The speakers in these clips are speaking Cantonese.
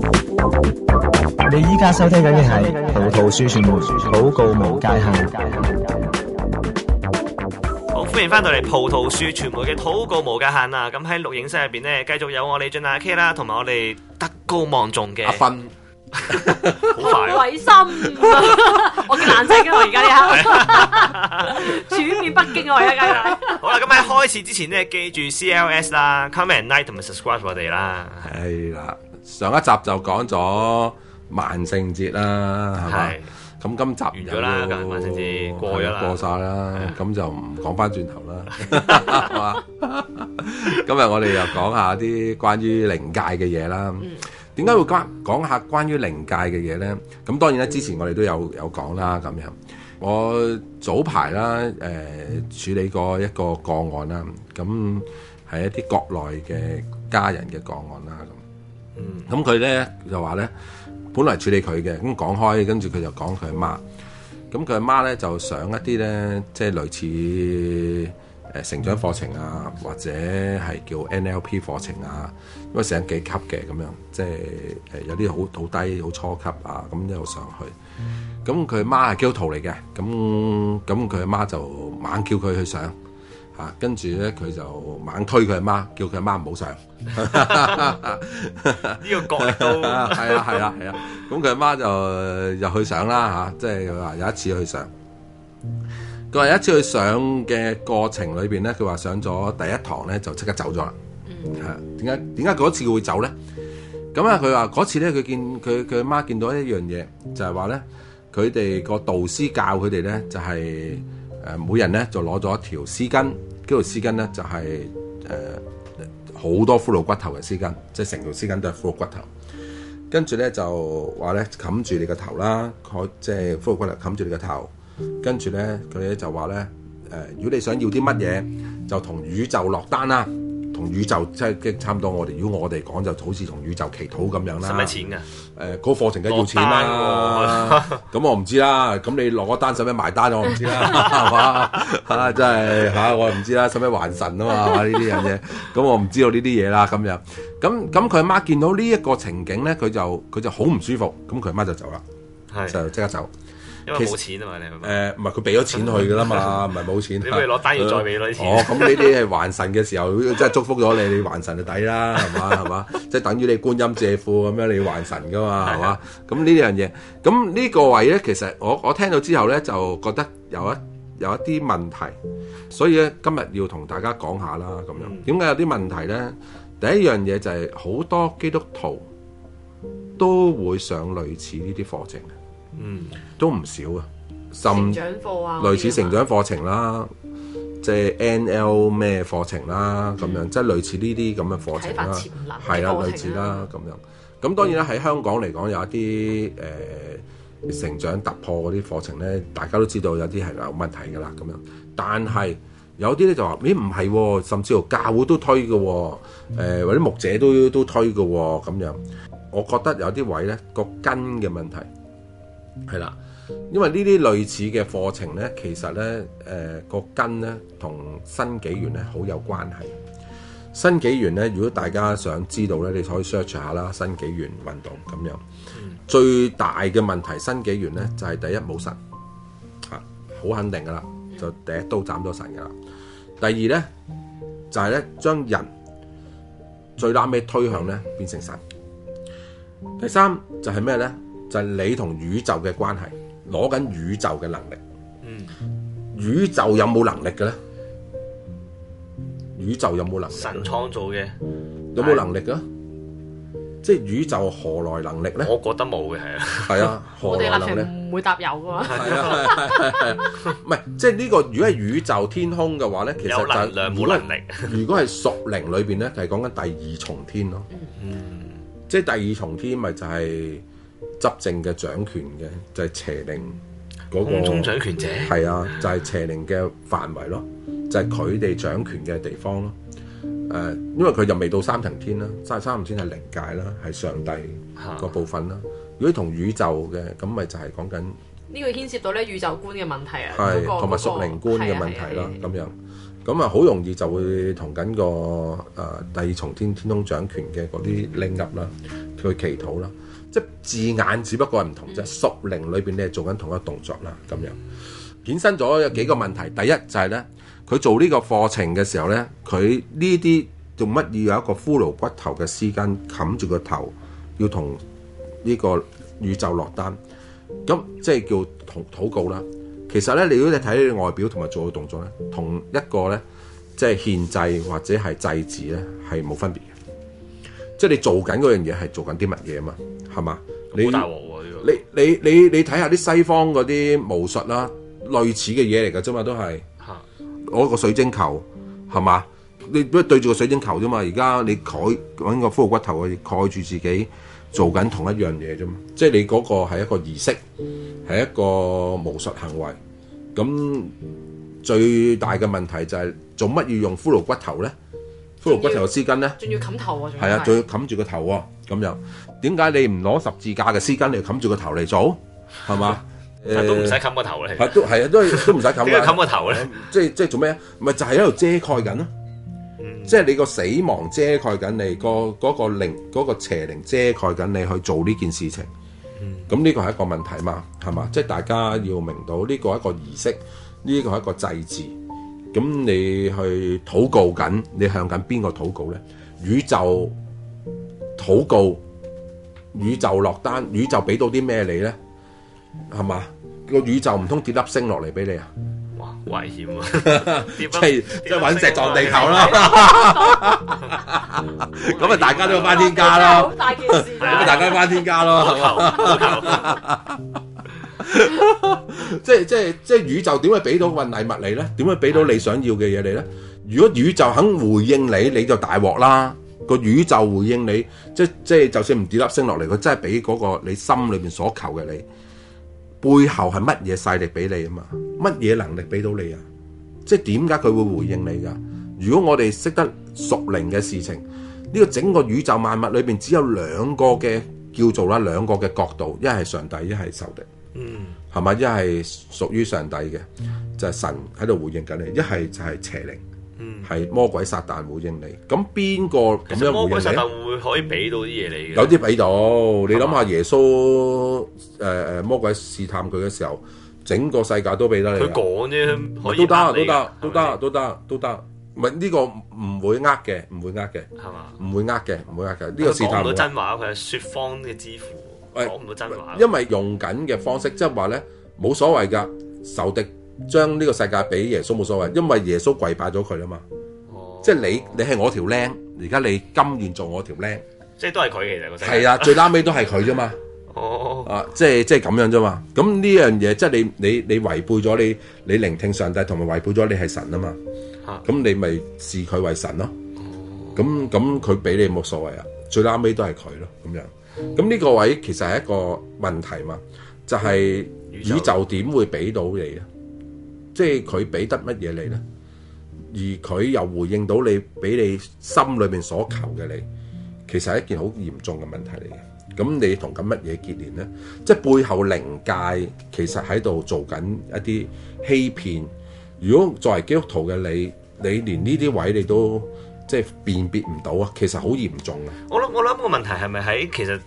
.你依家收聽緊嘅係《葡萄樹傳媒禱告無界限》好，好歡迎翻到嚟《葡萄樹傳媒嘅禱告無界限》啊！咁喺錄影室入邊呢，繼續有我李俊雅 K 啦，同埋我哋德高望重嘅阿訓分，好開心！ 我叫冷聲啊，我而家有下， 全面北京啊，我而家今日好啦，咁喺開始之前呢，記住 CLS 啦，comment like 同埋 subscribe 我哋啦，係啦。上一集就講咗萬聖節啦，係咪？咁今集完咗啦，萬聖節過咗啦，過曬啦，咁就唔講翻轉頭啦。係嘛？今日我哋又講下啲關於靈界嘅嘢啦。點解會關講下關於靈界嘅嘢咧？咁當然咧，之前我哋都有有講啦。咁樣，我早排啦，誒處理過一個個案啦，咁係一啲國內嘅家人嘅個案啦。咁佢咧就話咧，本來處理佢嘅，咁講開，跟住佢就講佢阿媽，咁佢阿媽咧就上一啲咧，即係類似成長課程啊，或者係叫 NLP 課程啊，因為上幾級嘅咁樣，即係有啲好好低好初級啊，咁一路上去，咁佢、嗯、媽係基督徒嚟嘅，咁咁佢阿媽就猛叫佢去上。啊，跟住咧，佢就猛推佢阿媽，叫佢阿媽唔好上。呢 哈個角度，係啊，係啊，係啊。咁佢阿媽就又去上啦嚇，即係話有一次去上。佢話有一次去上嘅過程裏邊咧，佢話上咗第一堂咧就即刻走咗啦。嗯。係點解點解嗰次會走咧？咁啊，佢話嗰次咧，佢見佢佢阿媽見到一樣嘢，嗯、就係話咧，佢哋個導師教佢哋咧就係、是。誒每人咧就攞咗一條絲巾，呢條絲巾咧就係誒好多骷髏骨頭嘅絲巾，即係成條絲巾都係骷髏骨頭。跟住咧就話咧冚住你個頭啦，佢即係骷髏骨頭冚住你個頭。跟住咧佢咧就話咧誒，如果你想要啲乜嘢，就同宇宙落單啦。宇宙即係差唔多我，我哋如果我哋講，就好似同宇宙祈禱咁樣啦。使唔使錢噶？誒，嗰個課程梗係要錢啦。咁 我唔知啦。咁你落單使咩埋單我唔知啦，係嘛？啊，真係吓，我唔知啦。使唔使還神啊嘛？呢啲嘢，咁 我唔知道呢啲嘢啦。咁樣，咁咁佢阿媽見到呢一個情景咧，佢就佢就好唔舒服。咁佢阿媽就走啦，的就即刻走。因為冇錢啊嘛，實你誒，唔係佢俾咗錢去噶啦嘛，唔係冇錢。你攞單要再俾多啲錢。 哦，咁呢啲係還神嘅時候，即係 祝福咗你，你還神就抵啦，係嘛， 係嘛，即、就、係、是、等於你觀音借庫咁樣，你還神噶嘛，係嘛。咁呢啲樣嘢，咁呢個位咧，其實我我聽到之後咧，就覺得有一有一啲問題，所以咧今日要同大家講下啦。咁樣，點解有啲問題咧？第一樣嘢就係、是、好多基督徒都會上類似呢啲課程。嗯，都唔少啊，甚至類似成長課程啦，即係、嗯、N L 咩課程啦，咁、嗯、樣即係類似呢啲咁嘅課程啦，係啦，類似啦咁樣。咁、嗯、當然啦，喺香港嚟講，有一啲誒、呃、成長突破嗰啲課程呢，大家都知道有啲係有問題噶啦。咁樣，但係有啲呢就話咦唔係、哦，甚至乎教會都推嘅、哦、誒、嗯、或者牧者都都推嘅咁、哦、樣。我覺得有啲位呢，個根嘅問題。係啦，因為呢啲類似嘅課程咧，其實咧，誒、呃、個根咧，同新紀元咧好有關係。新紀元咧，如果大家想知道咧，你可以 search 下啦，新紀元運動咁樣。嗯、最大嘅問題，新紀元咧就係、是、第一冇神，吓、啊、好肯定噶啦，就第一刀斬咗神噶啦。第二咧就係、是、咧將人最拉尾推向咧變成神。第三就係咩咧？就係你同宇宙嘅關係，攞緊宇宙嘅能力。嗯，宇宙有冇能力，宇宙有冇能力嘅咧？宇宙有冇能力？神創造嘅，有冇能力啊？是即係宇宙何來能力咧？我覺得冇嘅，係啊。係 啊，何來能力咧？唔會搭油噶嘛。係啊係啊係啊！唔係、啊啊啊， 即係呢、這個如果係宇宙天空嘅話咧，其實就係、是、冇能，能力。 如果係屬靈裏邊咧，就係講緊第二重天咯。嗯、即係第二重天咪就係、是。執政嘅掌權嘅就係、是、邪靈嗰、那個，係啊，就係、是、邪靈嘅範圍咯，就係佢哋掌權嘅地方咯。誒、呃，因為佢就未到三層天啦，三三層天係靈界啦，係上帝個部分啦。啊、如果同宇宙嘅咁，咪就係講緊呢個牽涉到咧宇宙觀嘅問題啊，係同埋屬靈觀嘅問題啦，咁樣咁啊，好、啊啊、容易就會同緊個誒、呃、第二重天天空掌權嘅嗰啲靈入啦去祈禱啦。即字眼只不過係唔同啫，屬靈裏邊你做緊同一個動作啦，咁樣衍生咗有幾個問題。第一就係咧，佢做呢個課程嘅時候咧，佢呢啲做乜要有一個骷髏骨頭嘅絲巾冚住個頭，要同呢個宇宙落單，咁即係叫同禱告啦。其實咧，你如果你睇外表同埋做嘅動作咧，同一個咧，即係獻祭或者係祭祀咧，係冇分別。即係你做緊嗰樣嘢係做緊啲乜嘢啊嘛，係嘛？好大鑊喎！呢個你你你你睇下啲西方嗰啲巫術啦，啊，類似嘅嘢嚟噶啫嘛，都係攞個水晶球，係嘛？你不對住個水晶球啫嘛。而家你蓋揾個骷髏骨頭去蓋住自己做緊同一樣嘢啫嘛。即係你嗰個係一個儀式，係一個巫術行為。咁最大嘅問題就係做乜要用骷髏骨頭咧？骷髏骨頭嘅絲巾咧，仲要冚頭啊！係啊，仲要冚住個頭喎、啊，咁樣。點解你唔攞十字架嘅絲巾嚟冚住個頭嚟做？係嘛？誒， 都唔使冚個頭嚟。都係 啊，都都唔使冚。點解冚個頭咧？即係即係做咩啊？咪就係喺度遮蓋緊咯。即係、就係嗯、你個死亡遮蓋緊你，嗰個個靈、嗰個邪靈遮蓋緊你去做呢件事情。咁呢、嗯、個係一個問題嘛？係嘛？即係大家要明到呢、這個係一個儀式，呢、這個係一個祭祀。咁你去禱告緊，你向緊邊個禱告咧？宇宙禱告，宇宙落單，宇宙俾到啲咩你咧？係嘛？個宇宙唔通跌粒星落嚟俾你啊？哇！危險啊！即係即係隕石撞地球啦！咁啊， 大家都要翻天家啦！大件事， 大家翻天家咯。 即係即係即係宇宙點會俾到份禮物你呢？點會俾到你想要嘅嘢你呢？的如果宇宙肯回應你，你就大鑊啦。個宇宙回應你，即即係就算唔跌粒星落嚟，佢真係俾嗰個你心裏邊所求嘅，你背後係乜嘢勢力俾你啊嘛？乜嘢能力俾到你啊？即係點解佢會回應你噶？如果我哋識得屬靈嘅事情，呢個整個宇宙萬物裏邊只有兩個嘅叫做啦，兩個嘅角度，一係上帝，一係仇敵。嗯，係嘛？一係屬於上帝嘅，就係神喺度回應緊你；一係就係邪靈，係魔鬼撒旦回應你。咁邊個咁樣回應你咧？魔鬼撒旦會可以俾到啲嘢你嘅？有啲俾到，你諗下耶穌誒誒，魔鬼試探佢嘅時候，整個世界都俾得你。佢講啫，都得都得都得都得都得，唔係呢個唔會呃嘅，唔會呃嘅，係嘛？唔會呃嘅，唔會呃嘅。呢個試探到真話，佢係說謊嘅之父。真話，因為用緊嘅方式，即係話咧，冇所謂噶，仇敵將呢個世界俾耶穌冇所謂，因為耶穌跪拜咗佢啊嘛。哦，即係你，你係我條僆，而家你甘願做我條僆，即係都係佢其實。係啊，最拉尾都係佢啫嘛。哦，啊，即係即係咁樣啫嘛。咁呢樣嘢，即係你你你違背咗你你聆聽上帝，同埋違背咗你係神啊嘛。啊哈，咁你咪視佢為神咯。哦，咁咁佢俾你冇所謂啊，最拉尾都係佢咯，咁樣。咁呢個位置其實係一個問題嘛，就係、是、宇宙點會俾到你咧？即係佢俾得乜嘢你咧？而佢又回應到你俾你心裏面所求嘅你，其實係一件好嚴重嘅問題嚟嘅。咁你同緊乜嘢結連咧？即、就、係、是、背後靈界其實喺度做緊一啲欺騙。如果作為基督徒嘅你，你連呢啲位置你都即係、就是、辨別唔到啊，其實好嚴重嘅。我諗我諗個問題係咪喺其實？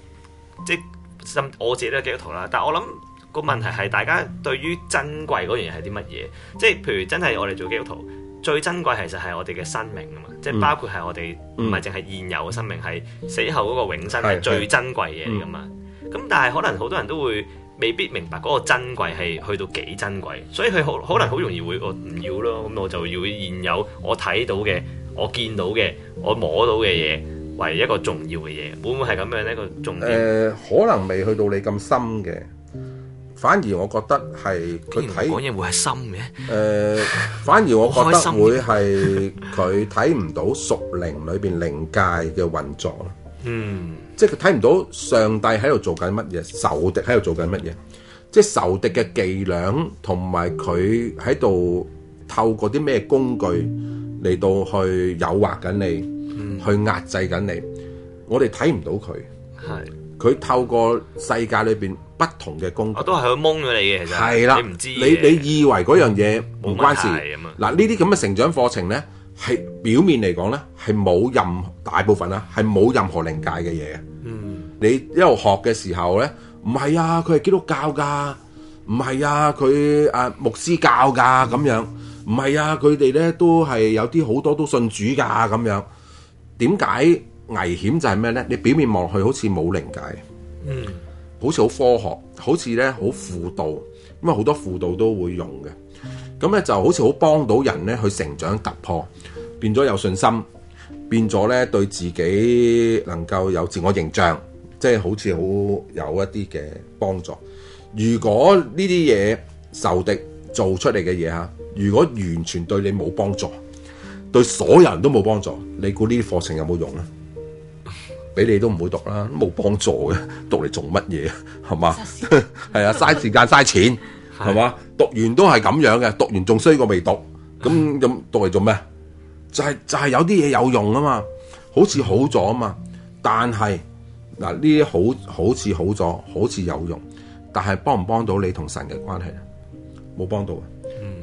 即係，甚至我自己都係基督徒啦。但我諗個問題係，大家對於珍貴嗰樣嘢係啲乜嘢？即係譬如真係我哋做基督徒，最珍貴其實係我哋嘅生命啊嘛。即係包括係我哋唔係淨係現有嘅生命，係死後嗰個永生係最珍貴嘢嚟噶嘛。咁、嗯、但係可能好多人都會未必明白嗰個珍貴係去到幾珍貴，所以佢好可能好容易會、嗯、我唔要咯。咁我就要現有我睇到嘅、我見到嘅、我摸到嘅嘢。係一個重要嘅嘢，會唔會係咁樣咧？一個重誒，可能未去到你咁深嘅，反而我覺得係佢睇唔講嘢會係深嘅。誒，反而我覺得會係佢睇唔到屬靈裏邊靈界嘅運作咯。嗯，即係佢睇唔到上帝喺度做緊乜嘢，仇敵喺度做緊乜嘢，即係仇敵嘅伎倆同埋佢喺度透過啲咩工具嚟到去誘惑緊你。去壓制緊你，我地睇唔到佢，佢透過世界裏面不同嘅工具，我都係去蒙咗你嘅，係啦，你唔知，係啦，你，你以為嗰樣嘢唔關事，係啦，呢啲咁嘅成長課程呢，係表面嚟講呢，係冇任大部分，係冇任何靈界嘅嘢。嗯，你一路學嘅時候呢，唔係啊，佢係基督教㗎。唔係啊，佢牧師教㗎，咁樣。唔係啊，佢地呢，都係有啲好多都信主㗎。點解危險就係咩呢？你表面望去好似冇靈界，嗯，好似好科學，好似呢好輔導，咁啊好多輔導都會用嘅，咁呢就好似好幫到人呢去成長突破，變咗有信心，變咗呢對自己能夠有自我形象，即係好似好有一啲嘅幫助。如果呢啲嘢受敵做出嚟嘅嘢嚇，如果完全對你冇幫助。對所有人都冇幫助，你估呢啲課程有冇用 啊？俾你都唔會讀啦，冇幫助嘅，讀嚟做乜嘢？係嘛？係啊，嘥時間嘥錢，係嘛 吧？讀完都係咁樣嘅，讀完仲衰過未讀，咁咁讀嚟做咩？就係就係有啲嘢有用啊嘛，好似好咗啊嘛，但係嗱呢啲好好似好咗，好似有用，但係幫唔幫到你同神嘅關係？冇幫到，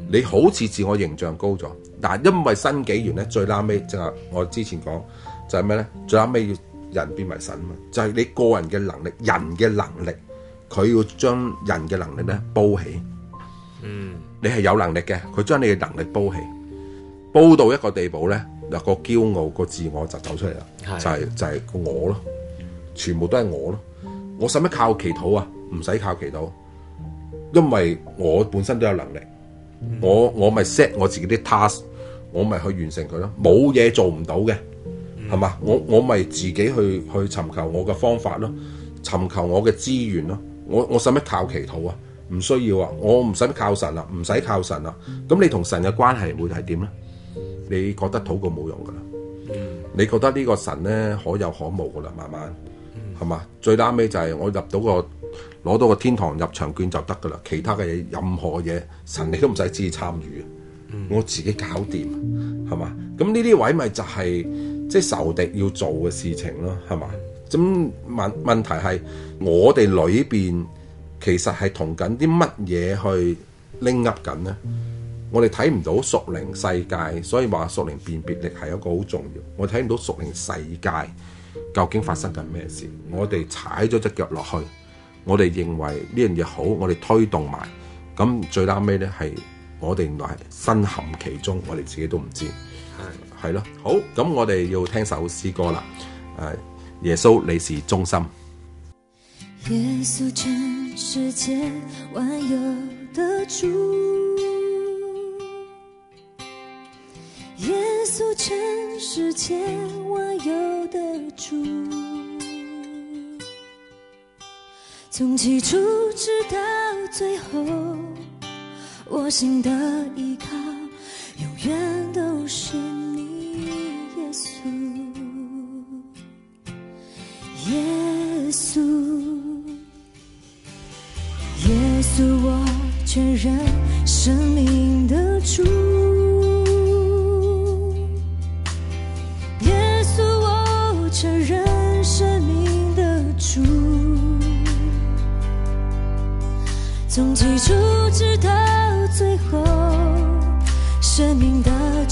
你好似自我形象高咗。嗱，但因為新紀元咧，最拉尾即係我之前講就係咩咧？最拉尾要人變為神啊嘛！就係、是、你個人嘅能力，人嘅能力，佢要將人嘅能力咧煲起。嗯。你係有能力嘅，佢將你嘅能力煲起，煲到一個地步咧，嗱、個驕傲、個自我就走出嚟啦的、就是，就係就係個我咯，全部都係我咯。我使乜靠祈禱啊？唔使靠祈禱，因為我本身都有能力。我我咪 set 我自己啲 task。我咪去完成佢咯，冇嘢做唔到嘅，係嘛、嗯？我我咪自己去去尋求我嘅方法咯，尋求我嘅資源咯。我我使乜靠祈禱啊？唔需要啊！我唔使靠神啦、啊，唔使靠神啦、啊。咁、嗯、你同神嘅關係會係點咧？你覺得禱告冇用噶啦，嗯、你覺得呢個神咧可有可無噶啦，慢慢係嘛？嗯、最啱尾就係我入到個攞到個天堂入場券就得噶啦，其他嘅嘢任何嘢神你都唔使自己參與。我自己搞掂，係嘛？咁呢啲位咪就係即係仇敵要做嘅事情咯，係嘛？咁問問題係我哋裏邊其實係同緊啲乜嘢去拎握緊呢？我哋睇唔到屬靈世界，所以話屬靈辨別力係一個好重要。我睇唔到屬靈世界究竟發生緊咩事？我哋踩咗隻腳落去，我哋認為呢樣嘢好，我哋推動埋。咁最拉尾咧係。我哋原來係身陷其中，我哋自己都唔知，係係咯。好，咁我哋要聽首詩歌啦。誒，耶穌你是中心。耶穌全世界萬有的主，耶穌全世界萬有的主，從起初直到最後。我心的依靠，永遠都是你，耶穌，耶穌，耶穌，我確認生命的主，耶穌，我承認生命的主，從起初直到。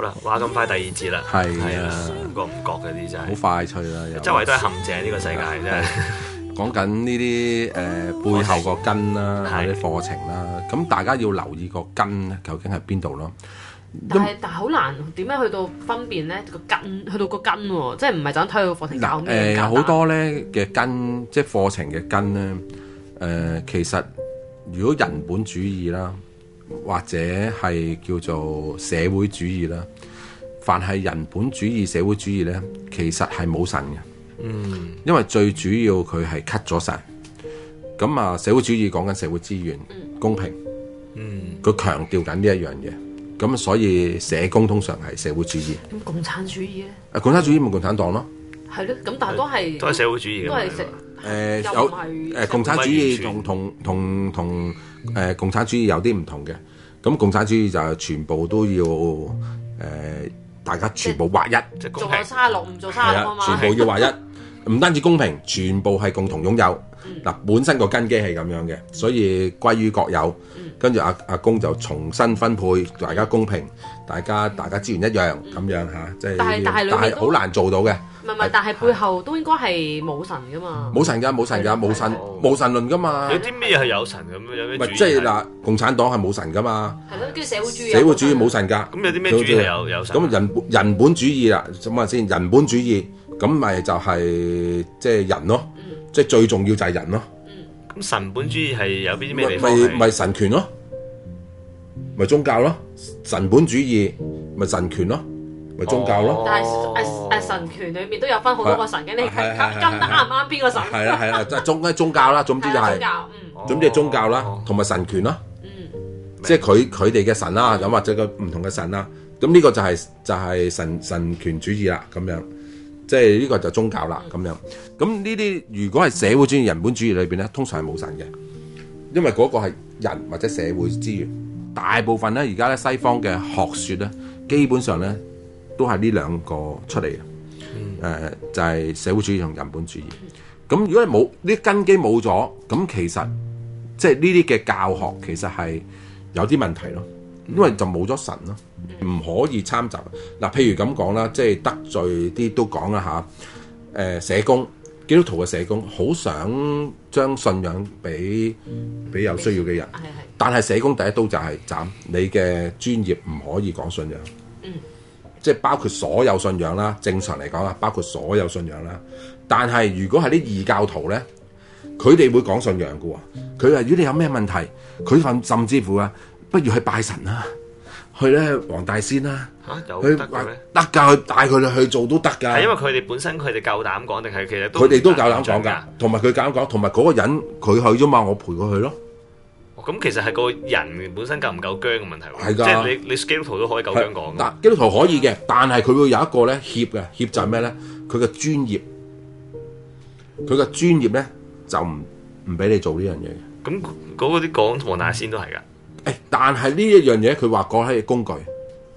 啦！話咁快第二節啦，係啊，覺唔覺嗰啲真係好快脆啦！周圍都係陷阱，呢個世界真係。講緊呢啲誒背後個根啦，啲課程啦，咁大家要留意個根究竟喺邊度咯？但係但係好難點樣去到分辨咧個根，去到個根喎，即係唔係單單睇個課程教咩？誒好多咧嘅根，即係課程嘅根咧。誒其實如果人本主義啦。或者係叫做社會主義啦，凡係人本主義社會主義咧，其實係冇神嘅。嗯，因為最主要佢係 cut 咗神。咁啊，社會主義講緊社會資源、嗯、公平。嗯，佢強調緊呢一樣嘢，咁所以社工通常係社會主義。咁共產主義咧？啊，共產主義咪共產黨咯？係咯，咁但係都係都係社會主義嘅。誒，有誒共產主義同同同同誒共產主義有啲唔同嘅，咁共產主義就全部都要誒大家全部劃一，做沙六唔做沙五嘛，全部要劃一，唔單止公平，全部係共同擁有。嗱本身個根基係咁樣嘅，所以歸於國有，跟住阿阿公就重新分配，大家公平，大家大家資源一樣，咁樣吓，即係，但係但係好難做到嘅。唔係唔係，但係背後都應該係冇神噶嘛？冇神噶，冇神噶，冇神冇神論噶嘛？有啲咩係有神咁？有咩？唔係即係嗱，共產黨係冇神噶嘛？係咯，跟住社會主義。社會主義冇神噶，咁有啲咩主義有有？咁人本人本主義啦，諗下先，人本主義，咁咪就係即係人咯，即係最重要就係人咯。嗯。咁神本主義係有邊啲咩嚟？咪咪神權咯，咪宗教咯，神本主義咪神權咯。宗教咯，但係誒誒神權裏面都有分好多個神嘅，是你跟得啱唔啱邊個神？係啦係啦，就係宗咧宗教啦，總之就係、是啊、宗教，啊、嗯，總之係宗教啦，同埋神權啦，嗯，即係佢佢哋嘅神啦，咁或者個唔同嘅神啦。咁呢個就係、是、就係、是、神神權主義啦，咁樣，即係呢個就宗教啦，咁樣，咁呢啲如果係社會主義、人本主義裏邊咧，通常係冇神嘅，因為嗰個係人或者社會資源，大部分咧而家咧西方嘅學説咧，基本上咧。都係呢兩個出嚟嘅，誒、嗯呃、就係、是、社會主義同人本主義。咁如果係冇啲根基冇咗，咁其實即係呢啲嘅教學其實係有啲問題咯，因為就冇咗神咯，唔可以參雜。嗱、呃，譬如咁講啦，即係得罪啲都講一下。誒、呃，社工基督徒嘅社工好想將信仰俾俾、嗯、有需要嘅人，但係社工第一刀就係、是、斬你嘅專業，唔可以講信仰。嗯。即係包括所有信仰啦，正常嚟講啊，包括所有信仰啦。但係如果係啲異教徒咧，佢哋會講信仰㗎喎。佢話如果你有咩問題，佢份甚至乎啊，不如去拜神啦，去咧黃大仙啦、啊，有得嘅咩？得㗎、啊，去帶佢哋去做都得㗎。係因為佢哋本身佢哋夠膽講，定係其實佢哋都夠膽講㗎。同埋佢夠膽講，同埋嗰個人佢去咗嘛，我陪佢去咯。咁其實係個人本身夠唔夠僵嘅問題喎，即係你你基督徒都可以夠僵講。嗱，基督徒可以嘅，但係佢會有一個咧協嘅協就係咩咧？佢嘅專業，佢嘅專業咧就唔唔俾你做呢樣嘢。咁嗰啲講黃大仙都係噶、哎，但係呢一樣嘢佢話講係工具，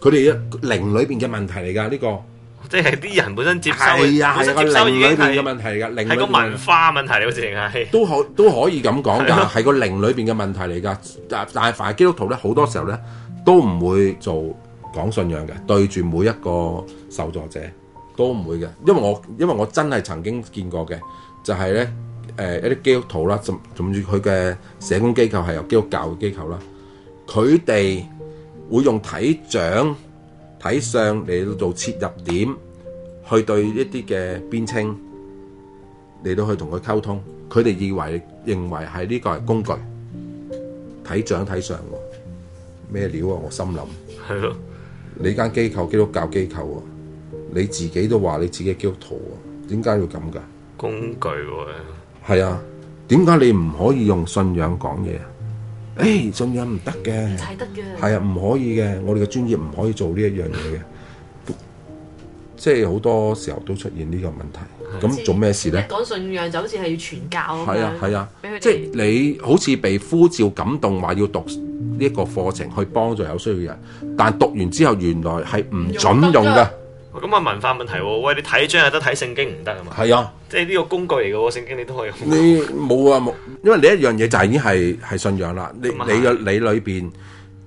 佢哋嘅靈裏邊嘅問題嚟㗎呢個。即係啲人本身接受的，收、啊，本身接收已經係個,個文化問題，好似係都可都可以咁講㗎，係是、啊、個靈裏邊嘅問題嚟㗎。但但係凡係基督徒咧，好多時候咧都唔會做講信仰嘅，對住每一個受助者都唔會嘅，因為我因為我真係曾經見過嘅，就係咧誒一啲基督徒啦，甚至佢嘅社工機構係由基督教嘅機構啦，佢哋會用體獎。睇相嚟到做切入點，去對一啲嘅編清嚟到去同佢溝通，佢哋以為認為係呢個係工具，睇掌睇相喎，咩料啊？我心諗係咯，的你間機構基督教機構喎、啊，你自己都話你自己係基督徒喎、啊，點解要咁㗎？工具喎，係啊，點解你唔可以用信仰講嘢？誒信仰唔得嘅，係啊，唔可以嘅。我哋嘅專業唔可以做呢一樣嘢嘅，即係好多時候都出現呢個問題。咁做咩事呢？講信仰就好似係要傳教咁樣，係啊係啊。即係你好似被呼召感動，話要讀呢一個課程去幫助有需要嘅人，但讀完之後原來係唔準用㗎。咁啊，文化問題，喂，你睇章又得睇聖經唔得啊嘛？係啊，即係呢個工具嚟嘅聖經，你都可以。你冇啊冇，因為你一樣嘢就係已經係係信仰啦。你你嘅你裏邊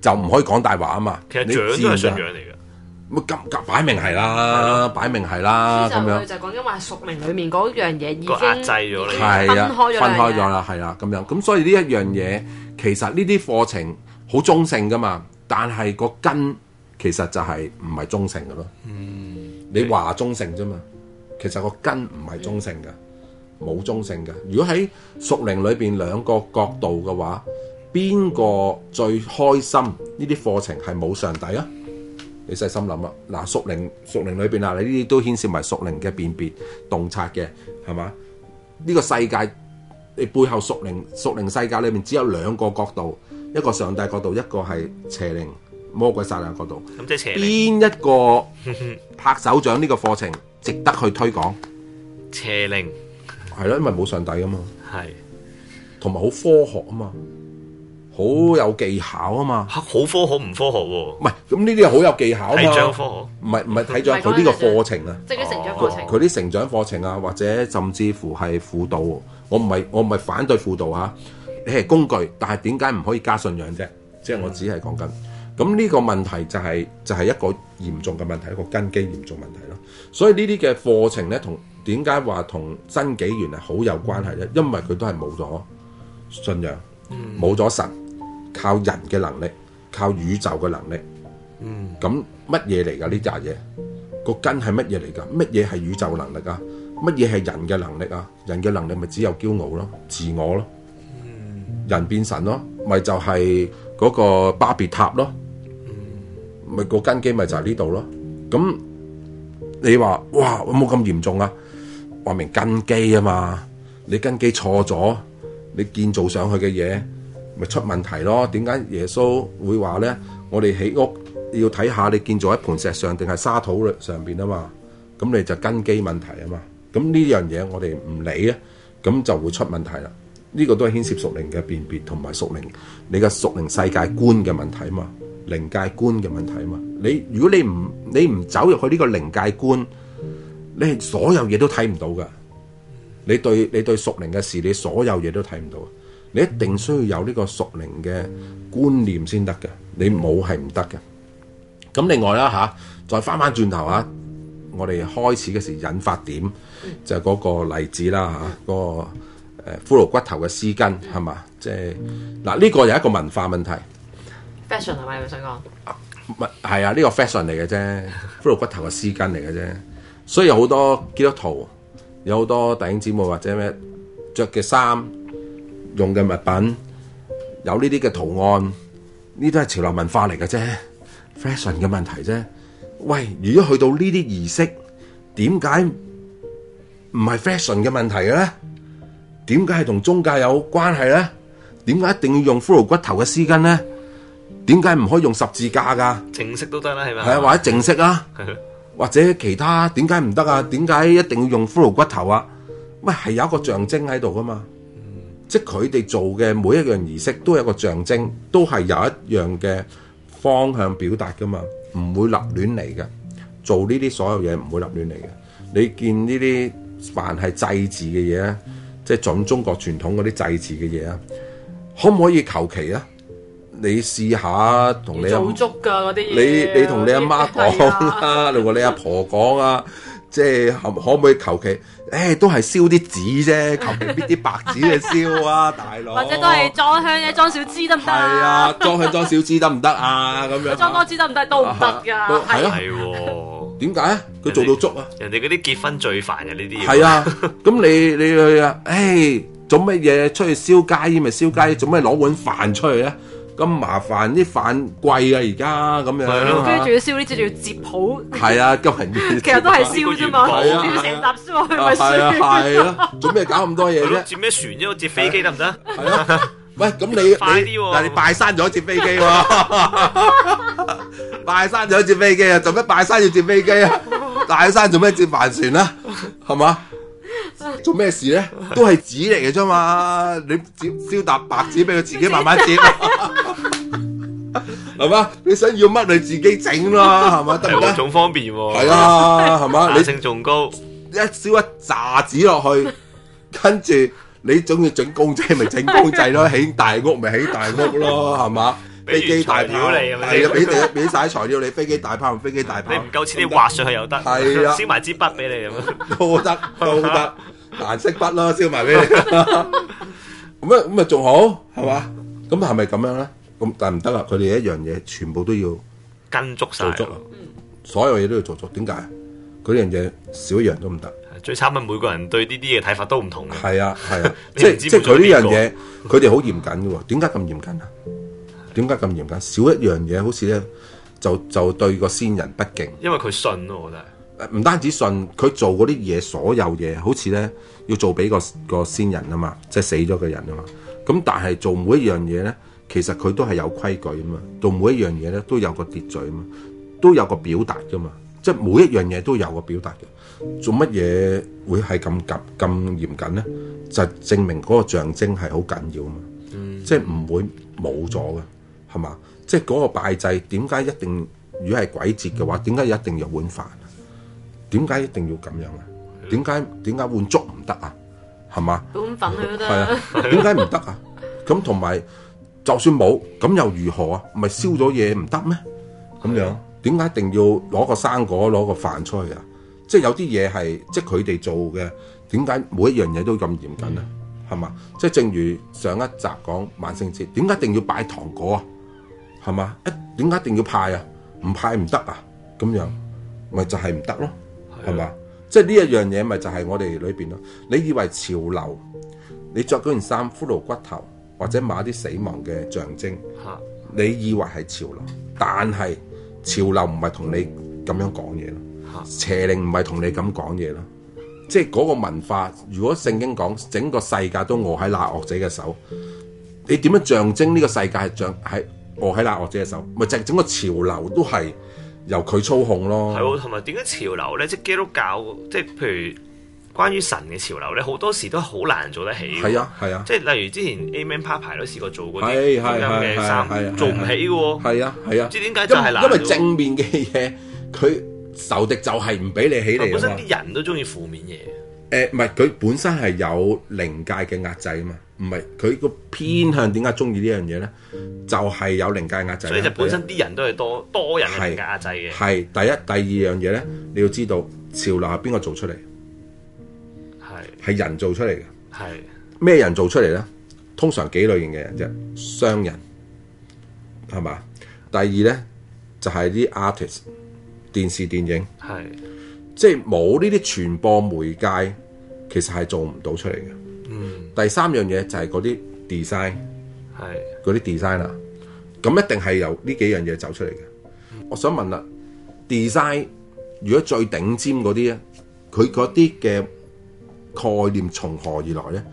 就唔可以講大話啊嘛。其實章都係信仰嚟嘅，咁咁擺明係啦，擺明係啦，咁樣就就講，因為屬靈裏面嗰樣嘢已經壓制咗你，分開咗啦，係啦咁樣。咁所以呢一樣嘢，其實呢啲課程好中性噶嘛，但係個根其實就係唔係中性嘅咯。嗯。你話中性啫嘛，其實個根唔係中性㗎，冇中性㗎。如果喺屬靈裏邊兩個角度嘅話，邊個最開心？呢啲課程係冇上帝啊！你細心諗啦，嗱屬靈屬靈裏邊啊，你呢啲都牽涉埋屬靈嘅辨別、洞察嘅，係嘛？呢、這個世界你背後屬靈屬靈世界裏面只有兩個角度，一個上帝角度，一個係邪靈。魔鬼殺人嘅角度，咁即係邪靈邊一個拍手掌呢個課程值得去推廣？邪靈係咯，因為冇上帝啊嘛，係同埋好科學,科學啊嘛，好有技巧啊嘛好科學唔科學喎？唔係咁呢啲好有技巧啊嘛。科學唔係唔係睇咗佢呢個課程啊，自己成長課程佢啲、哦、成長課程啊，或者甚至乎係輔導我唔係我唔係反對輔導嚇、啊，你係工具，但係點解唔可以加信仰啫？嗯、即係我只係講緊。咁呢個問題就係就係一個嚴重嘅問題，一個根基嚴重問題咯。所以呢啲嘅課程呢，同點解話同新紀元係好有關係呢？因為佢都係冇咗信仰，冇咗神，靠人嘅能力，靠宇宙嘅能力。嗯，咁乜嘢嚟噶呢扎嘢？個根係乜嘢嚟噶？乜嘢係宇宙能力啊？乜嘢係人嘅能力啊？人嘅能力咪只有驕傲咯，自我咯，人變神咯，咪就係嗰個巴別塔咯。咪個根基咪就係呢度咯，咁你話哇有冇咁嚴重啊？話明根基啊嘛，你根基錯咗，你建造上去嘅嘢咪出問題咯？點解耶穌會話咧？我哋起屋要睇下你建造喺磐石上定係沙土上邊啊嘛，咁你就根基問題啊嘛，咁呢樣嘢我哋唔理啊，咁就會出問題啦。呢個都係牽涉屬靈嘅辨別同埋屬靈你嘅屬靈世界觀嘅問題啊嘛。靈界觀嘅問題嘛？你如果你唔你唔走入去呢個靈界觀，你係所有嘢都睇唔到噶。你對你對屬靈嘅事，你所有嘢都睇唔到的。你一定需要有呢個屬靈嘅觀念先得嘅。你冇係唔得嘅。咁另外啦吓、啊，再翻翻轉頭啊，我哋開始嘅時候引發點就係、是、嗰個例子啦吓，啊嗰個誒、呃、骷髏骨頭嘅絲巾係嘛？即係嗱呢個有一個文化問題。fashion 係咪？你想講？唔係，係啊，呢、嗯、個 fashion 嚟嘅啫，骷髏骨頭嘅絲巾嚟嘅啫，所以有好多基督徒，有好多弟兄姊妹或者咩着嘅衫，用嘅物品有呢啲嘅圖案，呢啲係潮流文化嚟嘅啫，fashion 嘅問題啫。喂，如果去到呢啲儀式，點解唔係 fashion 嘅問題嘅咧？點解係同宗教有關係咧？點解一定要用骷髏骨頭嘅絲巾咧？點解唔可以用十字架噶？正式都得啦，係咪？係啊，或者正式啦，啊，是的 或者其他點解唔得啊？點解、啊、一定要用骷髏骨頭啊？喂，係有一個象徵喺度噶嘛？嗯、即係佢哋做嘅每一樣儀式都有一個象徵，都係有一樣嘅方向表達噶嘛？唔會立亂嚟嘅，做呢啲所有嘢唔會立亂嚟嘅。你見呢啲凡係祭祀嘅嘢，即係准中國傳統嗰啲祭祀嘅嘢啊，可唔可以求其啊？你試下同你阿，你你同你阿媽講啊，你話你阿婆講啊，即係可唔可以求其？誒都係燒啲紙啫，求其搣啲白紙嚟燒啊，大佬。或者都係裝香嘅，裝少支得唔得？係啊，裝香裝少支得唔得啊？咁樣裝多支得唔得？都唔得㗎，係咯，點解？佢做到足啊！人哋嗰啲結婚最煩嘅呢啲嘢。係啊，咁你你去啊？誒做乜嘢出去燒雞？咪燒雞。做咩攞碗飯出去咧？咁麻煩，啲飯貴啊，而家咁樣，跟住了、啊、要燒呢隻，要折好。係啊，急行。其實都係燒啫嘛，折成沓燒，係咪先？係咯，做咩搞咁多嘢啫？折咩船啫？我折飛機得唔得？係咯，喂，咁你，你快啲、哦、但你拜山咗一隻飛機喎， 拜山咗一隻飛機啊！做咩拜山要折飛機啊？拜 山做咩折帆船啦、啊？係嘛？ 做咩事咧？都係紙嚟嘅啫嘛，你折燒沓白紙俾佢自己慢慢折。 係嘛？你想要乜你自己整咯，係嘛？得唔得，仲方便，係啊，係嘛？彈性仲高，一燒一炸紙落去，跟住你中意整公仔咪整公仔咯，起大屋咪起大屋咯，係嘛？飛機大炮嚟，係啊，俾啲俾晒啲材料你，飛機大炮同飛機大炮，你唔夠錢你畫上去又得，係啊，燒埋支筆俾你咁啊，都得都得，顏色筆咯，燒埋俾你，咁啊咁啊仲好，係嘛？咁係咪咁樣咧？咁但係唔得啦，佢哋一樣嘢全部都要足跟足手足啦，所有嘢都要做足。點解？佢嗰樣嘢少一樣都唔得。最慘係每個人對呢啲嘢睇法都唔同嘅。係啊，係啊， 知是即係錯即係佢呢樣嘢，佢哋好嚴謹嘅喎。點解咁嚴謹啊？點解咁嚴謹？少一樣嘢，好似咧就就對個先人不敬。因為佢信咯，我覺得。誒唔單止信，佢做嗰啲嘢，所有嘢好似咧要做俾個個先人啊嘛，即、就、係、是、死咗嘅人啊嘛。咁但係做每一樣嘢咧。其實佢都係有規矩啊嘛，到每一樣嘢咧都有個秩序啊嘛，都有個表達噶嘛，即係每一樣嘢都有個表達嘅。做乜嘢會係咁急咁嚴謹咧？就證明嗰個象徵係好緊要啊嘛，嗯、即係唔會冇咗嘅，係嘛？即係嗰個拜祭，點解一定？如果係鬼節嘅話，點解一定要碗飯？點解一定要咁樣啊？點解點解碗粥唔得啊？係嘛？碗粉啊都係啊，點解唔得啊？咁同埋。就算冇，咁又如何啊？咪燒咗嘢唔得咩？咁樣點解的一定要攞個生果攞個飯出去啊？即、就、係、是、有啲嘢係即係佢哋做嘅，點解每一樣嘢都咁嚴謹啊？係嘛的？即係、就是、正如上一集講萬聖節，點解一定要擺糖果啊？係嘛？一點解一定要派啊？唔派唔得啊？咁樣咪就係唔得咯？係嘛的？即係呢一樣嘢咪就係我哋裏邊咯。你以為潮流，你着嗰件衫骷髏骨頭。或者買啲死亡嘅象徵，哈你以為係潮流，但係潮流唔係同你咁樣講嘢咯，哈邪靈唔係同你咁講嘢咯，即係嗰個文化。如果聖經講整個世界都臥喺那惡者嘅手，你點樣象徵呢個世界係象係臥喺那惡者嘅手？咪就係、是、整個潮流都係由佢操控咯。係喎，同埋點解潮流咧？即係基督教，即係譬如。關於神嘅潮流咧，好多時都好難做得起。係啊，係啊，即係例如之前 AM Park 牌都試過做嗰啲咁嘅衫，做唔起嘅喎。係啊，係啊，唔知點解就係難。因為正面嘅嘢，佢仇敵就係唔俾你起嚟。本身啲人都中意負面嘢。誒，唔係佢本身係有靈界嘅壓制啊嘛，唔係佢個偏向點解中意呢樣嘢咧？就係有靈界壓制。所以就本身啲人都係多多人嘅靈界壓制嘅。係第一、第二樣嘢咧，你要知道潮流係邊個做出嚟。係人做出嚟嘅，係咩的人做出嚟咧？通常幾類型嘅人啫，商人係嘛？第二咧就係啲 artist，電視電影係，即係冇呢啲傳播媒介，其實係做唔到出嚟嘅。嗯，第三樣嘢就係嗰啲 design，係嗰啲 design 啦，咁的一定係由呢幾樣嘢走出嚟嘅。嗯、我想問啦，design 如果最頂尖嗰啲咧，佢嗰啲嘅。概念從何而來呢？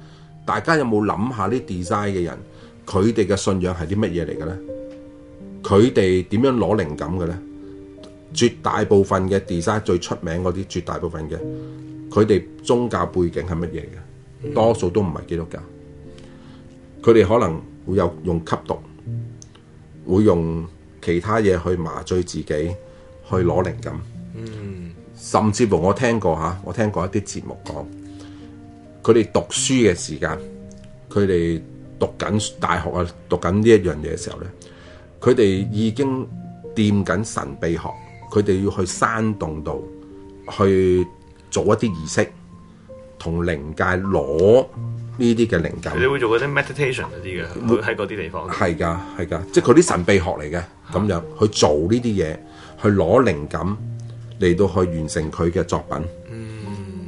大家有冇諗下啲 design 嘅人佢哋嘅信仰係啲乜嘢嚟嘅呢？佢哋點樣攞靈感嘅呢？絕大部分嘅 design 最出名嗰啲，絕大部分嘅佢哋宗教背景係乜嘢嚟嘅？嗯、多數都唔係基督教，佢哋可能會有用吸毒，會用其他嘢去麻醉自己去攞靈感。嗯，甚至乎我聽過嚇，我聽過一啲節目講。佢哋讀書嘅時間，佢哋讀緊大學啊，讀緊呢一樣嘢嘅時候咧，佢哋已經掂緊神秘學，佢哋要去山洞度去做一啲儀式，同靈界攞呢啲嘅靈感。你會做嗰啲 meditation 嗰啲嘅，會喺嗰啲地方。係㗎，係㗎，即係佢啲神秘學嚟嘅，咁樣、啊、去做呢啲嘢，去攞靈感嚟到去完成佢嘅作品。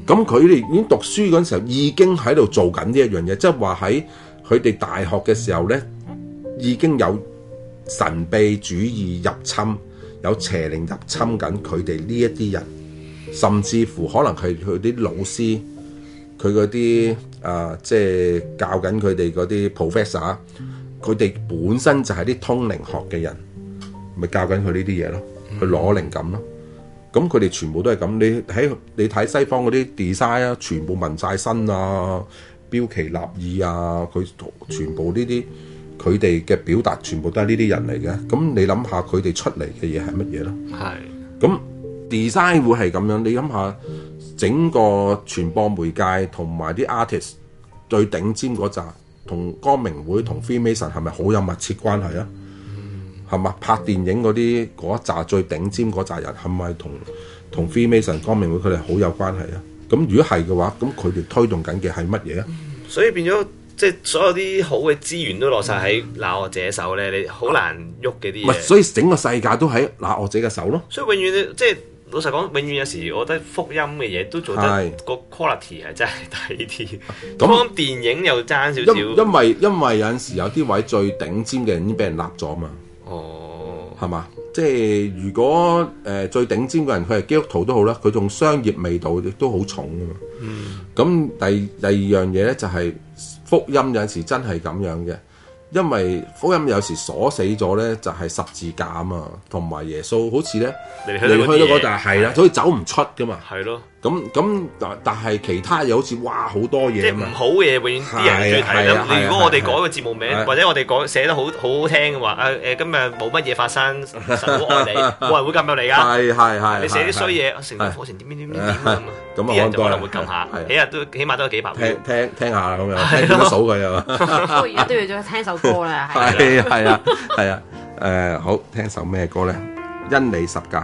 咁佢哋已經讀書嗰陣時候，已經喺度做緊呢一樣嘢，即係話喺佢哋大學嘅時候咧，已經有神秘主義入侵，有邪靈入侵緊佢哋呢一啲人，甚至乎可能係佢啲老師，佢嗰啲啊，即係教緊佢哋嗰啲 professor，佢哋、嗯、本身就係啲通靈學嘅人，咪教緊佢呢啲嘢咯，去攞靈感咯。咁佢哋全部都係咁，你喺你睇西方嗰啲 design 啊，全部紋晒身啊，標奇立異啊，佢全部呢啲佢哋嘅表達全部都係呢啲人嚟嘅。咁你諗下佢哋出嚟嘅嘢係乜嘢咯？係。咁 design、嗯、會係咁樣，你諗下整個傳播媒介同埋啲 artist 最頂尖嗰扎，同光明會同 Freemason 係咪好有密切關係啊？係咪拍電影嗰啲嗰一扎最頂尖嗰扎人，係咪同同 Freemason 光明會佢哋好有關係啊？咁如果係嘅話，咁佢哋推動緊嘅係乜嘢啊？所以變咗即係所有啲好嘅資源都落晒喺那惡者手咧，嗯、你好難喐嘅啲嘢。所以整個世界都喺那惡者嘅手咯。所以永遠即係、就是、老實講，永遠有時我覺得福音嘅嘢都做得是個 quality 係真係低啲。咁、啊、電影又爭少少。因為因為有陣時有啲位最頂尖嘅已經俾人擸咗嘛。哦，係嘛？即係如果誒、呃、最頂尖嘅人，佢係基督徒都好啦，佢仲商業味道亦都好重㗎嘛。嗯。咁第二第二樣嘢咧，就係、是、福音有陣時真係咁樣嘅，因為福音有時鎖死咗咧，就係、是、十字架啊嘛，同埋耶穌好似咧離去到嗰度。係啦，所以走唔出噶嘛。係咯。咁咁，但但係其他又好似哇好多嘢，即係唔好嘢永遠啲人再睇啦。如果我哋改個節目名，或者我哋講寫得好好聽嘅話，誒誒，今日冇乜嘢發生，神愛你，冇人會撳入嚟㗎。係係係。你寫啲衰嘢，成個課程點點點點咁啊！啲人就可能會撳下，起日都起碼都有幾百。聽聽聽下咁樣，數佢係嘛？都要都要再聽首歌啦，係啊係啊係啊。誒，好聽首咩歌咧？因你十價。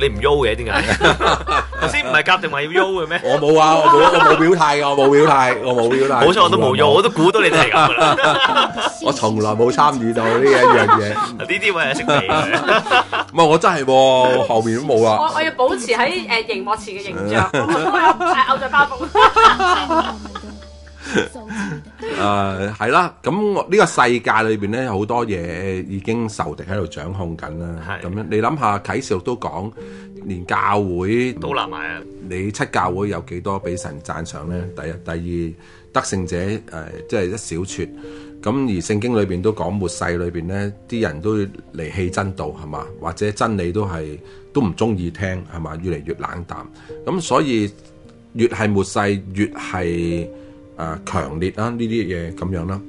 你唔喐嘅點解？頭先唔係夾定話要喐嘅咩？我冇啊，我冇，我冇表態嘅，我冇表態，我冇表態。表態好彩我都冇喐，我都估到你哋係咁。我從來冇參與到呢一樣嘢，呢啲咪係識地啊？唔係，我真係， 後面都冇啊。我我要保持喺誒熒幕前嘅形象，唔使偶像包袱。誒，係啦，uh,，咁呢個世界裏邊咧，好多嘢已經仇敵喺度掌控緊啦。係的，咁樣你諗下，啟示錄都講，連教會都難埋。你七教會有幾多俾神讚賞咧？的第一、第二，得勝者誒，即、呃、係、就是、一小撮。咁而聖經裏邊都講末世裏邊咧，啲人都離棄真道係嘛，或者真理都係都唔中意聽係嘛，越嚟越冷淡。咁所以越係末世越係。啊！強烈啦，呢啲嘢咁樣啦，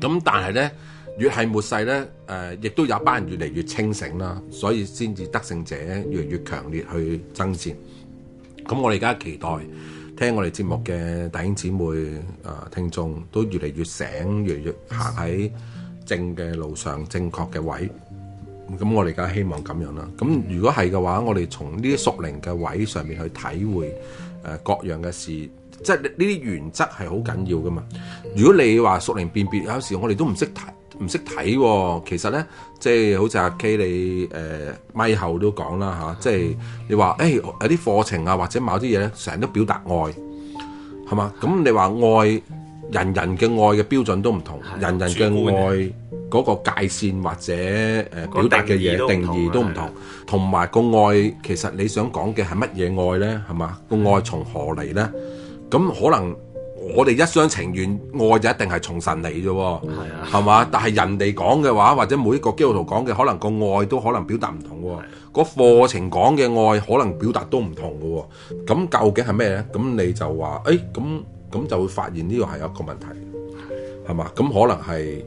咁但係咧，越係末世咧，誒，亦都有一班人越嚟越清醒啦，所以先至得勝者越嚟越強烈去爭戰。咁我哋而家期待聽我哋節目嘅弟兄姊妹啊，聽眾都越嚟越醒，越嚟越行喺正嘅路上，正確嘅位。咁我哋而家希望咁樣啦。咁如果係嘅話，我哋從呢啲屬靈嘅位上面去體會誒各樣嘅事。即係呢啲原則係好緊要噶嘛？如果你話熟練辨別，有時我哋都唔識睇，唔識睇喎。其實咧，即係好似阿 K 你誒咪、呃、後都講啦嚇，即係你話誒有啲課程啊，或者某啲嘢咧，成日都表達愛係嘛？咁是的 你話愛人人嘅愛嘅標準都唔同，的人人嘅愛嗰個界線或者誒、呃、表達嘅嘢定義都唔同，同，的同，同埋個愛其實你想講嘅係乜嘢愛咧？係嘛？的個愛從何嚟咧？咁可能我哋一廂情願愛就一定係從神嚟啫、哦，係啊，係嘛？但係人哋講嘅話，或者每一個基督徒講嘅，可能個愛都可能表達唔同喎、哦。個、啊、課程講嘅愛可能表達都唔同嘅喎、哦。咁、嗯、究竟係咩呢？咁你就話，誒咁咁就會發現呢個係一個問題，係嘛？咁可能係，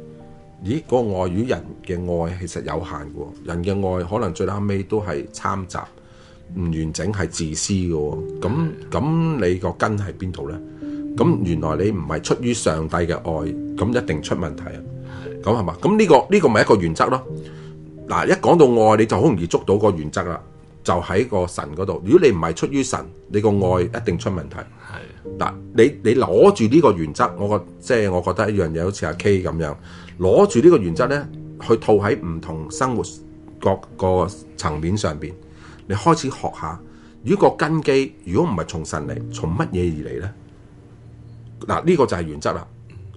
咦？個、嗰個愛，人嘅愛其實有限喎。人嘅愛可能最後尾都係參雜。唔完整係自私嘅。咁，咁的你個根喺邊度呢？咁原來你唔係出於上帝嘅愛，咁一定出問題啊。咁係嘛？咁呢個呢個咪一個原則咯。嗱，一講到愛，你就好容易捉到個原則啦。就喺個神嗰度，如果你唔係出於神，你個愛一定出問題。係嗱的，你你攞住呢個原則，我覺即係我覺得一樣嘢，好似阿 K 咁樣，攞住呢個原則呢，去套喺唔同生活各個層面上邊。你開始學下，如果根基如果唔係從神嚟，從乜嘢而嚟呢？嗱，呢個就係原則啦。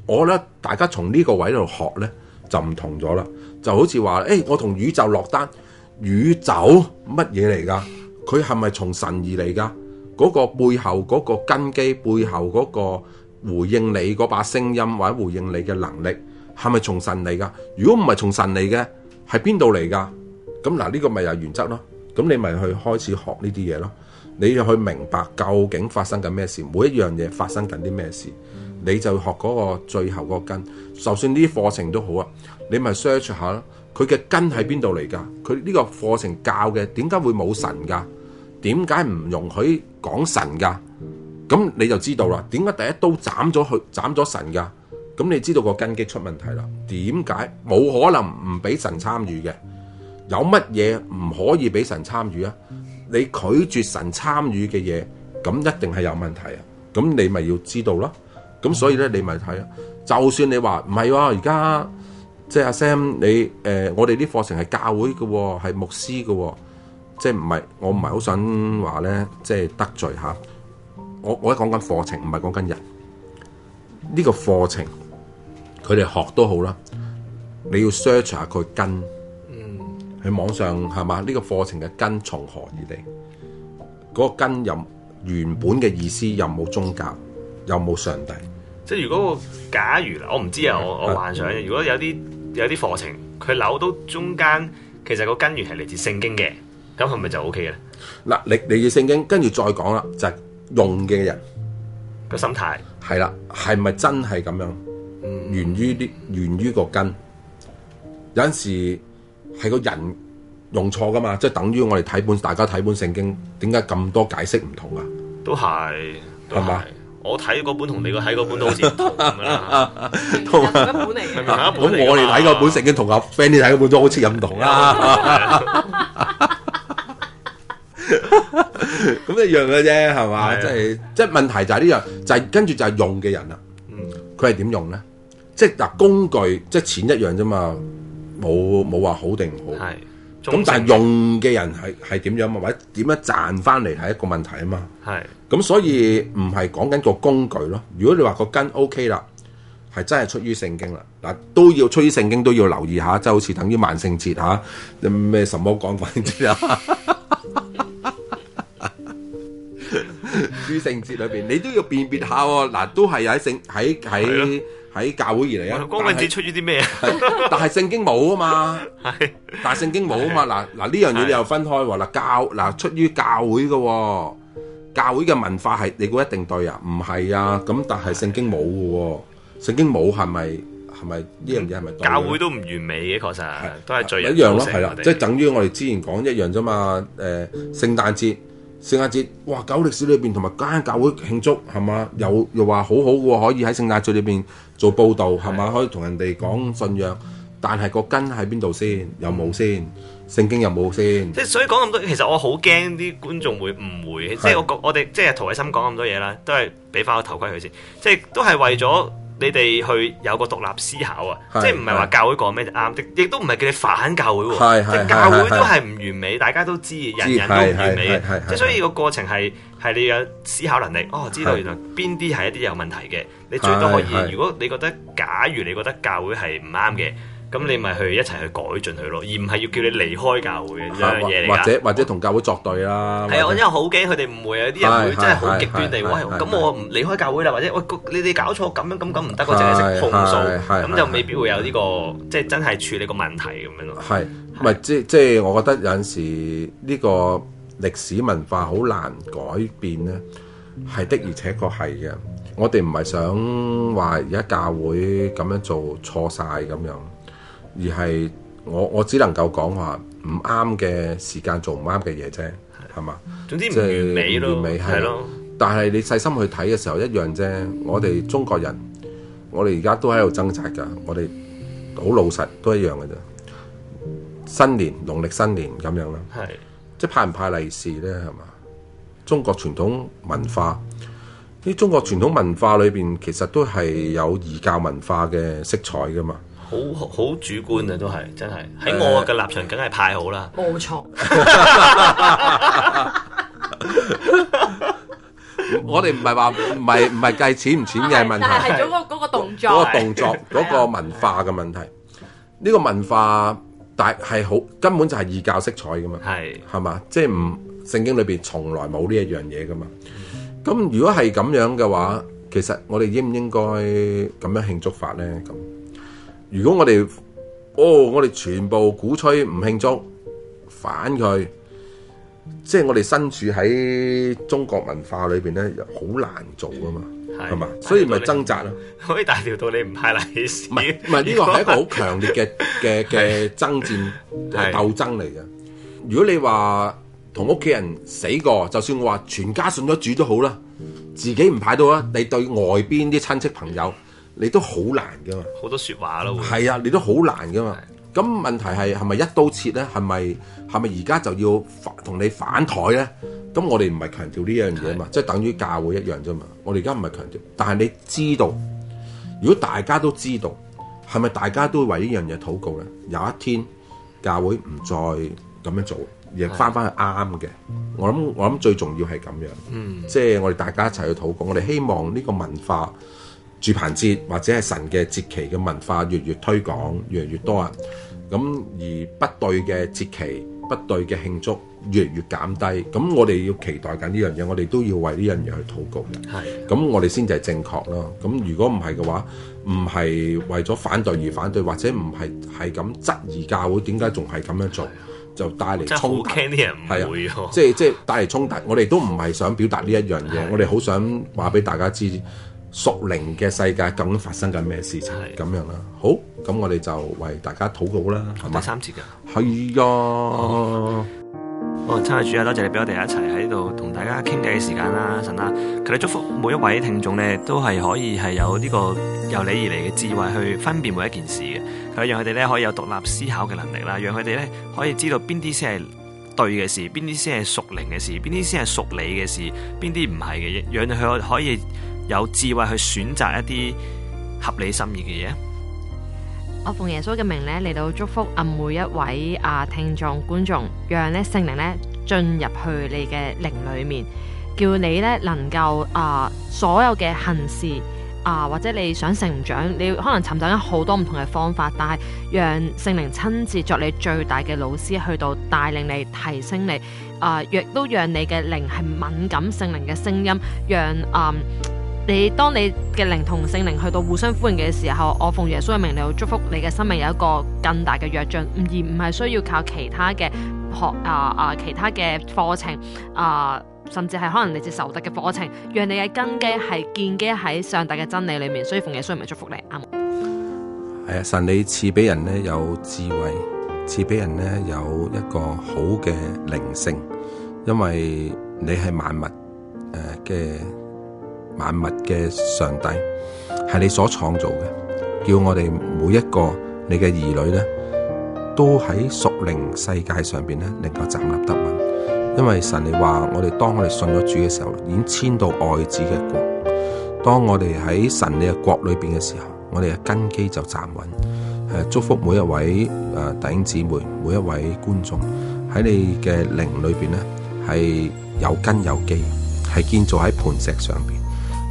我咧，大家從呢個位度學呢，就唔同咗啦。就好似話，誒、哎，我同宇宙落單，宇宙乜嘢嚟㗎？佢係咪從神而嚟㗎？嗰、嗰個背後嗰個根基背後嗰個回應你嗰把聲音或者回應你嘅能力係咪從神嚟㗎？如果唔係從神嚟嘅，係邊度嚟㗎？咁嗱，呢個咪又係原則咯。咁你咪去開始學呢啲嘢咯，你要去明白究竟發生緊咩事，每一樣嘢發生緊啲咩事，你就學嗰個最後嗰個根。就算呢啲課程都好啊，你咪 search 下啦，佢嘅根喺邊度嚟㗎？佢呢個課程教嘅點解會冇神㗎？點解唔容許講神㗎？咁你就知道啦。點解第一刀斬咗去斬咗神㗎？咁你知道個根基出問題啦。點解冇可能唔俾神參與嘅？有乜嘢唔可以俾神參與啊？你拒絕神參與嘅嘢，咁一定係有問題啊！咁你咪要知道咯。咁所以咧，你咪睇啦。就算你話唔係喎，而家即係阿 Sam，你誒、呃、我哋啲課程係教會嘅、哦，係牧師嘅、哦，即係唔係我唔係好想話咧，即係得罪吓。我我喺講緊課程，唔係講緊人。呢、這個課程佢哋學都好啦，你要 search 下佢根。跟喺網上係嘛？呢個課程嘅根從何而嚟？嗰個根有原本嘅意思，有冇宗教，有冇上帝。即係如果我假如啦，我唔知啊，我我幻想。如果有啲有啲課程，佢扭到中間，其實個根源係嚟自聖經嘅，咁係咪就 O K 咧？嗱，嚟嚟自聖經，跟住再講啦，就係用嘅人個心態係啦，係咪真係咁樣？源於啲源於個根有陣時。係個人用錯噶嘛，即係等於我哋睇本，大家睇本聖經，點解咁多解釋唔同啊？都係係嘛？我睇嗰本同你個睇嗰本都好似唔同，同本嚟嘅。咁我哋睇嗰本聖經同阿 Fanny 睇嗰本都好似又唔同啦。咁一樣嘅啫，係嘛？即係即係問題就係呢樣，就係跟住就係用嘅人啦。嗯，佢係點用咧？即係嗱，工具即係錢一樣啫嘛。冇冇話好定唔好，咁但係用嘅人係係點樣啊？或者點樣賺翻嚟，係一個問題啊？嘛，咁是所以唔係講緊個工具咯。如果你話個根 OK 啦，係真係出於聖經啦，嗱都要出於聖經都要留意下，就好似等於萬聖節吓，咩什麼講法啲啊？諸聖節裏邊你都要辨別下、哦，嗱都係喺聖喺喺。喺教會而嚟啊，光棍節出於啲咩？但係聖經冇啊嘛，係但係聖經冇啊嘛。嗱，嗱呢樣嘢你又分開。嗱，教，嗱出於教會嘅，教會嘅文化係你估一定對啊？唔係啊，咁但係聖經冇嘅，聖經冇係咪係咪呢樣嘢係咪？教會都唔完美嘅，確實都係罪人一樣咯，係啦，即係等於我哋之前講一樣啫嘛。誒，聖誕節，聖誕節，哇！舊歷史裏邊同埋間教會慶祝係嘛？又又話好好可以喺聖誕節裏邊。做報道係咪的可以同人哋講信仰，但係個根喺邊度先？有冇先？聖經有冇先？即係所以講咁多，其實我好驚啲觀眾會誤會。的即係我覺我哋即係陶偉森講咁多嘢啦，都係俾翻個頭盔佢先。即係都係為咗。你哋去有個獨立思考啊，是即係唔係話教會講咩啱的，亦都唔係叫你反教會喎，啊。是教會都係唔完美，是大家都知，是人人都唔完美。即所以個過程係係你嘅思考能力，哦，知道原來邊啲係一啲有問題嘅。是你最多可以，是如果你覺得，假如你覺得教會係唔啱嘅。咁你咪去一齊去改進佢咯，而唔係要叫你離開教會呢樣嘢或者或者同教會作對啦。係啊，我因為好驚佢哋唔會啊！啲人會真係好極端地，喂咁我唔離開教會啦，或者喂你哋搞錯咁樣咁咁唔得，我淨係識控訴咁就未必會有呢個即係真係處理個問題咁樣咯。係唔係？即即係我覺得有陣時呢個歷史文化好難改變咧，係的，而且確係嘅。我哋唔係想話而家教會咁樣做錯晒咁樣。而係我我只能夠講話唔啱嘅時間做唔啱嘅嘢啫，係嘛的？係吧，總之唔完美咯，係咯。但係你細心去睇嘅時候一樣啫。嗯、我哋中國人，我哋而家都喺度掙扎㗎。我哋好老實都一樣嘅啫。新年農曆新年咁樣啦，係。即係派唔派利是呢咧，係嘛？中國傳統文化，啲中國傳統文化裏邊其實都係有儒教文化嘅色彩㗎嘛。好好主觀啊，都係真係喺我嘅立場，梗係派好啦。冇錯，我哋唔係話唔係唔係計錢唔錢嘅問題，係嗰個嗰個動作，嗰、 嗰個動作嗰、嗰個文化嘅問題。呢 對個文化，但係好根本就係異教色彩噶嘛，係係是、就是、嘛？即係唔聖經裏邊從來冇呢一樣嘢噶嘛。咁如果係咁樣嘅話，其實我哋應唔應該咁樣慶祝法咧？咁如果我哋，哦，我哋全部鼓吹唔慶祝，反佢，即係我哋身處喺中國文化裏邊咧，好難做㗎嘛，係嘛？所以咪掙扎咯。可以大條道理你唔派利是。唔係，呢個係一個好強烈嘅嘅嘅爭戰是鬥爭嚟嘅。是如果你話同屋企人死過，就算我話全家信咗主都好啦，嗯、自己唔派到啦，你對外邊啲親戚朋友。你都好難噶嘛，好多說話咯喎。係啊，你都好難噶嘛。咁的問題係係咪一刀切咧？係咪係咪而家就要同你反台咧？咁我哋唔係強調呢樣樣嘢嘛，即係的等於教會一樣啫嘛。我哋而家唔係強調，但係你知道，如果大家都知道，係咪大家都為這禱呢樣嘢禱告咧？有一天教會唔再咁樣做，亦翻翻去啱嘅的。我諗我諗最重要係咁樣，即係、嗯、我哋大家一齊去禱告。我哋希望呢個文化。住棚節或者係神嘅節期嘅文化，越嚟越推廣，越嚟越多人。咁而不對嘅節期、不對嘅慶祝，越嚟越減低。咁我哋要期待緊呢樣嘢，我哋都要為呢樣嘢去禱告嘅。咁的我哋先就係正確咯。咁如果唔係嘅話，唔係為咗反對而反對，或者唔係係咁質疑教會，點解仲係咁樣做，就帶嚟衝突。驚啲人唔係啊，即係即係帶嚟衝突。我哋都唔係想表達呢一樣嘢，的我哋好想話俾大家知。屬靈嘅世界究竟發生緊咩事情？就，咁的樣啦，好，咁我哋就為大家禱告啦。第三次噶係啊！好，親愛的主啊，多謝你俾我哋一齊喺度同大家傾偈嘅時間啦，神啦，啊，佢哋祝福每一位聽眾咧，都係可以係有呢個由你而嚟嘅智慧去分辨每一件事嘅，佢讓佢哋咧可以有獨立思考嘅能力啦，讓佢哋咧可以知道邊啲先係對嘅事，邊啲先係屬靈嘅事，邊啲先係屬你嘅事，邊啲唔係嘅嘢。讓佢可以。有智慧去選擇一啲合理心意嘅嘢。我奉耶穌嘅名咧嚟到祝福啊，每一位啊聽眾觀眾，讓咧聖靈咧進入去你嘅靈裏面，叫你咧能夠啊所有嘅行事啊，或者你想成長，你可能尋找咗好多唔同嘅方法，但係讓聖靈親自作你最大嘅老師，去到帶領你提升你啊，亦都讓你嘅靈係敏感聖靈嘅聲音，讓啊。你當你嘅靈同聖靈去到互相呼應嘅時候，我奉耶穌嘅名，去祝福你嘅生命有一個更大嘅躍進，而唔係需要靠其他嘅學啊啊其他嘅課程啊、呃，甚至係可能你接受得嘅課程，讓你嘅根基係建基喺上帝嘅真理裏面，所以奉耶穌嘅名祝福你阿們。係啊，神你賜俾人咧有智慧，賜俾人咧有一個好嘅靈性，因為你係萬物誒嘅。萬物嘅上帝係你所創造嘅，叫我哋每一個你嘅兒女咧，都喺屬靈世界上邊咧，能夠站立得穩。因為神你話我哋當我哋信咗主嘅時候，已經遷到愛子嘅國。當我哋喺神你嘅國裏邊嘅時候，我哋嘅根基就站穩。呃、祝福每一位誒、呃、弟兄姊妹，每一位觀眾喺你嘅靈裏邊咧係有根有基，係建造喺磐石上邊。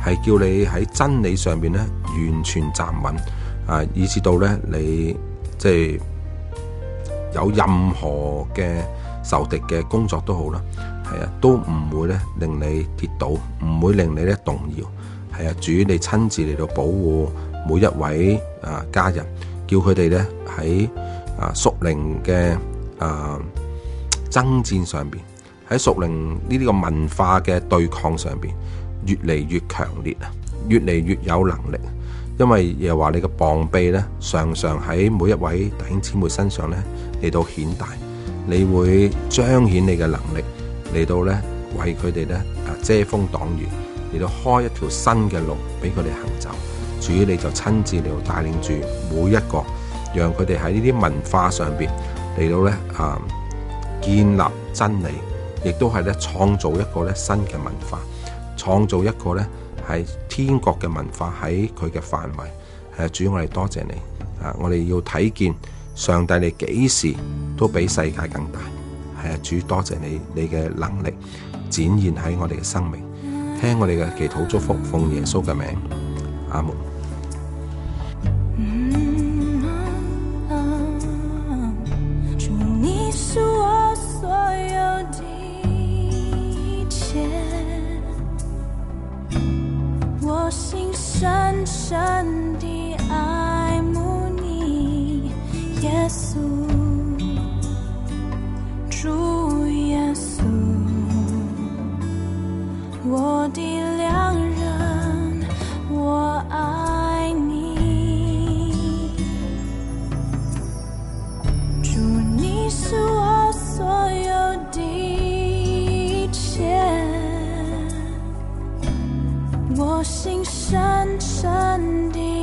係叫你喺真理上邊咧完全站穩啊，以至到咧你即係、就是、有任何嘅仇敵嘅工作都好啦，係啊，都唔會咧令你跌倒，唔會令你咧動搖，係啊，主要你親自嚟到保護每一位啊家人，叫佢哋咧喺啊屬靈嘅啊爭戰上邊，喺屬靈呢啲個文化嘅對抗上邊。越嚟越強烈，越嚟越有能力，因為又話你嘅膀臂咧，常常喺每一位弟兄姊妹身上咧嚟到顯大，你會彰顯你嘅能力嚟到咧為佢哋咧啊遮風擋雨，嚟到開一條新嘅路俾佢哋行走。主你就親自嚟到帶領住每一個，讓佢哋喺呢啲文化上邊嚟到咧啊建立真理，亦都係咧創造一個咧新嘅文化。創造一個咧係天國嘅文化喺佢嘅範圍，係主我哋多謝你啊！我哋要睇見上帝你幾時都比世界更大，係啊！主多謝你，你嘅能力展現喺我哋嘅生命，聽我哋嘅祈禱祝福，奉耶穌嘅名，阿門。我心深深地愛慕你，耶穌，主耶穌，我的良人，我愛。我心深深地。